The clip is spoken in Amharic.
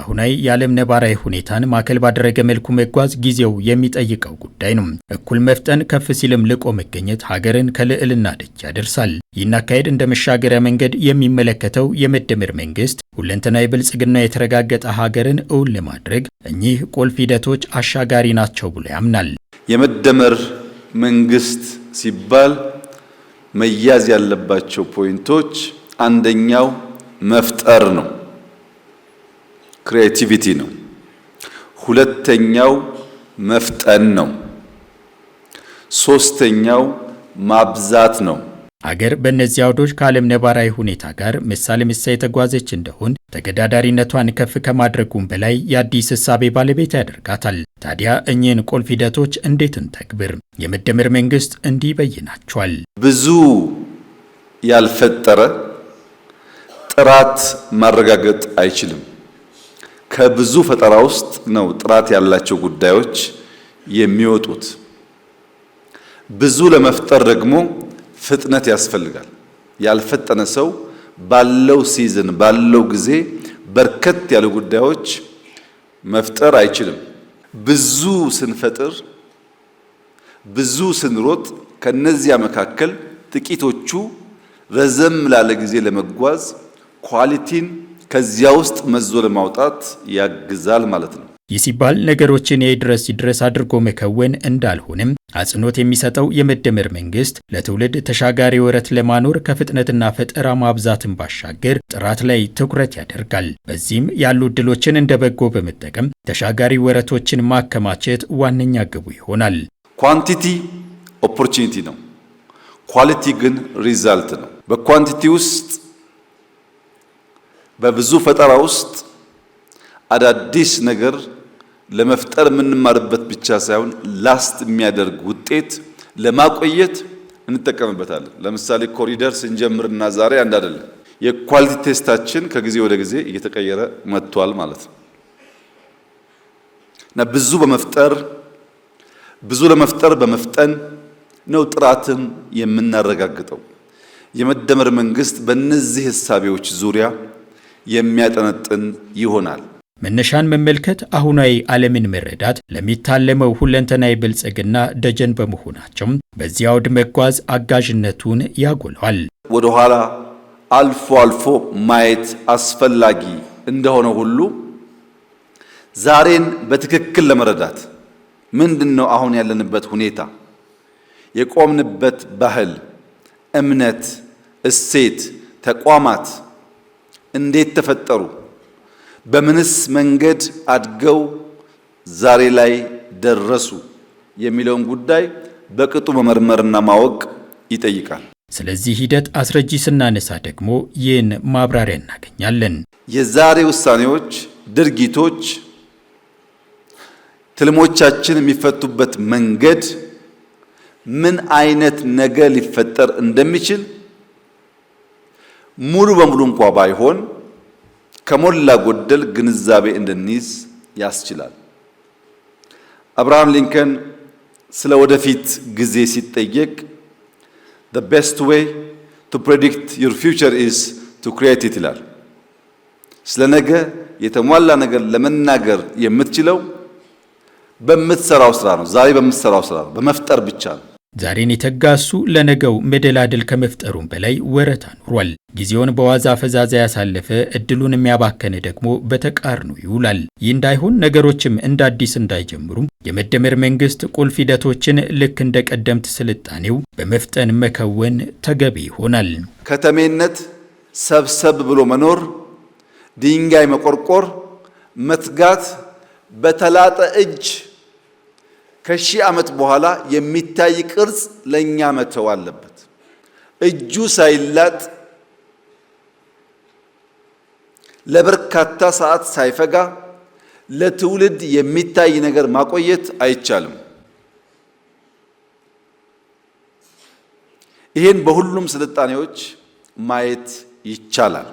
አሁናዊ የዓለም ነባራዊ ሁኔታን ማዕከል ባደረገ መልኩ መጓዝ ጊዜው የሚጠይቀው ጉዳይ ነው። እኩል መፍጠን ከፍ ሲልም ልቆ መገኘት ሀገርን ከልዕልና ደጅ ያደርሳል። ይህን አካሄድ እንደ መሻገሪያ መንገድ የሚመለከተው የመደመር መንግስት ሁለንተናዊ ብልጽግና የተረጋገጠ ሀገርን እውን ለማድረግ እኚህ ቁልፍ ሂደቶች አሻጋሪ ናቸው ብሎ ያምናል። የመደመር መንግስት ሲባል መያዝ ያለባቸው ፖይንቶች አንደኛው መፍጠር ነው። ክሬቲቪቲ ነው። ሁለተኛው መፍጠን ነው። ሶስተኛው ማብዛት ነው። አገር በእነዚህ አውዶች ከዓለም ነባራዊ ሁኔታ ጋር ምሳሌ ምሳ የተጓዘች እንደሆን ተገዳዳሪነቷን ከፍ ከማድረጉም በላይ የአዲስ እሳቤ ባለቤት ያደርጋታል። ታዲያ እኚህን ቁልፍ ሂደቶች እንዴት እንተግብር? የመደመር መንግስት እንዲህ ይበይናቸዋል። ብዙ ያልፈጠረ ጥራት ማረጋገጥ አይችልም። ከብዙ ፈጠራ ውስጥ ነው ጥራት ያላቸው ጉዳዮች የሚወጡት። ብዙ ለመፍጠር ደግሞ ፍጥነት ያስፈልጋል። ያልፈጠነ ሰው ባለው ሲዝን ባለው ጊዜ በርከት ያሉ ጉዳዮች መፍጠር አይችልም። ብዙ ስንፈጥር ብዙ ስንሮጥ ከነዚያ መካከል ጥቂቶቹ ረዘም ላለ ጊዜ ለመጓዝ ኳሊቲን ከዚያ ውስጥ መዞ ለማውጣት ያግዛል ማለት ነው። ይህ ሲባል ነገሮችን የድረስ ድረስ አድርጎ መከወን እንዳልሆንም አጽንኦት የሚሰጠው የመደመር መንግስት ለትውልድ ተሻጋሪ ወረት ለማኖር ከፍጥነትና ፈጠራ ማብዛትን ባሻገር ጥራት ላይ ትኩረት ያደርጋል። በዚህም ያሉ እድሎችን እንደ በጎ በመጠቀም ተሻጋሪ ወረቶችን ማከማቸት ዋነኛ ግቡ ይሆናል። ኳንቲቲ ኦፖርቹኒቲ ነው፣ ኳሊቲ ግን ሪዛልት ነው። በኳንቲቲ ውስጥ በብዙ ፈጠራ ውስጥ አዳዲስ ነገር ለመፍጠር የምንማርበት ብቻ ሳይሆን ላስት የሚያደርግ ውጤት ለማቆየት እንጠቀምበታለን። ለምሳሌ ኮሪደር ስንጀምርና ዛሬ አንድ አይደለም። የኳሊቲ ቴስታችን ከጊዜ ወደ ጊዜ እየተቀየረ መጥቷል ማለት ነው እና ብዙ በመፍጠር ብዙ ለመፍጠር በመፍጠን ነው ጥራትን የምናረጋግጠው። የመደመር መንግስት በእነዚህ ሕሳቤዎች ዙሪያ የሚያጠነጥን ይሆናል። መነሻን መመልከት፣ አሁናዊ ዓለምን መረዳት ለሚታለመው ሁለንተናዊ ብልጽግና ደጀን በመሆናቸው በዚህ አውድ መጓዝ አጋዥነቱን ያጎለዋል። ወደ ኋላ አልፎ አልፎ ማየት አስፈላጊ እንደሆነ ሁሉ ዛሬን በትክክል ለመረዳት ምንድን ነው አሁን ያለንበት ሁኔታ፣ የቆምንበት ባህል፣ እምነት፣ እሴት፣ ተቋማት እንዴት ተፈጠሩ? በምንስ መንገድ አድገው ዛሬ ላይ ደረሱ? የሚለውን ጉዳይ በቅጡ መመርመርና ማወቅ ይጠይቃል። ስለዚህ ሂደት አስረጂ ስናነሳ ደግሞ ይህን ማብራሪያ እናገኛለን። የዛሬ ውሳኔዎች፣ ድርጊቶች፣ ትልሞቻችን የሚፈቱበት መንገድ ምን አይነት ነገር ሊፈጠር እንደሚችል ሙሉ በሙሉ እንኳ ባይሆን ከሞላ ጎደል ግንዛቤ እንድንይዝ ያስችላል። አብርሃም ሊንከን ስለ ወደፊት ጊዜ ሲጠየቅ the best way to predict your future is to create it ይላል። ስለ ነገ የተሟላ ነገር ለመናገር የምትችለው በምትሰራው ስራ ነው። ዛሬ በምትሰራው ስራ ነው፣ በመፍጠር ብቻ ነው። ዛሬን የተጋሱ ለነገው መደላድል ከመፍጠሩም በላይ ወረታ ኑሯል። ጊዜውን በዋዛ ፈዛዛ ያሳለፈ እድሉን የሚያባከነ ደግሞ በተቃርኖ ይውላል። ይህ እንዳይሆን ነገሮችም እንደ አዲስ እንዳይጀምሩም የመደመር መንግስት ቁልፍ ሂደቶችን ልክ እንደ ቀደምት ስልጣኔው በመፍጠን መከወን ተገቢ ይሆናል። ከተሜነት ሰብሰብ ብሎ መኖር፣ ድንጋይ መቆርቆር፣ መትጋት፣ በተላጠ እጅ ከሺህ ዓመት በኋላ የሚታይ ቅርጽ ለእኛ መተው አለበት። እጁ ሳይላጥ ለበርካታ ሰዓት ሳይፈጋ ለትውልድ የሚታይ ነገር ማቆየት አይቻልም። ይህን በሁሉም ስልጣኔዎች ማየት ይቻላል።